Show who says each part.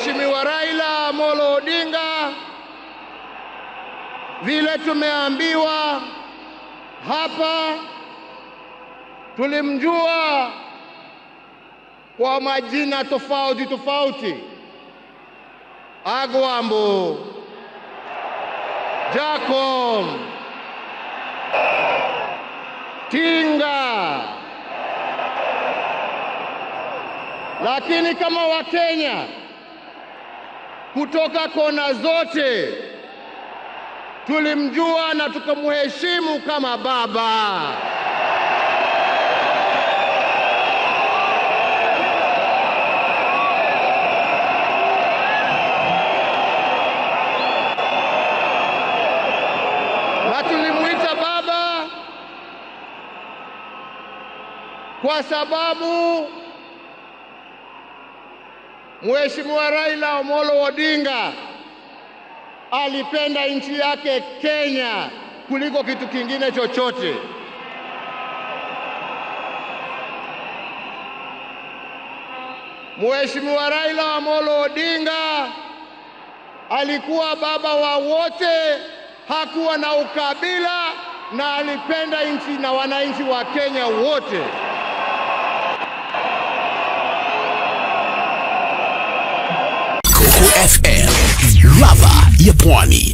Speaker 1: Mheshimiwa Raila Amolo Odinga, vile tumeambiwa hapa, tulimjua kwa majina tofauti tofauti, Agwambo, Jacom, Tinga, lakini kama Wakenya kutoka kona zote. Tulimjua na tukamheshimu kama baba. Na tulimwita baba kwa sababu Mheshimiwa Raila Omolo Odinga alipenda nchi yake Kenya kuliko kitu kingine chochote. Mheshimiwa Raila Amolo Odinga alikuwa baba wa wote, hakuwa na ukabila na alipenda nchi na wananchi wa Kenya wote. FM, lava ya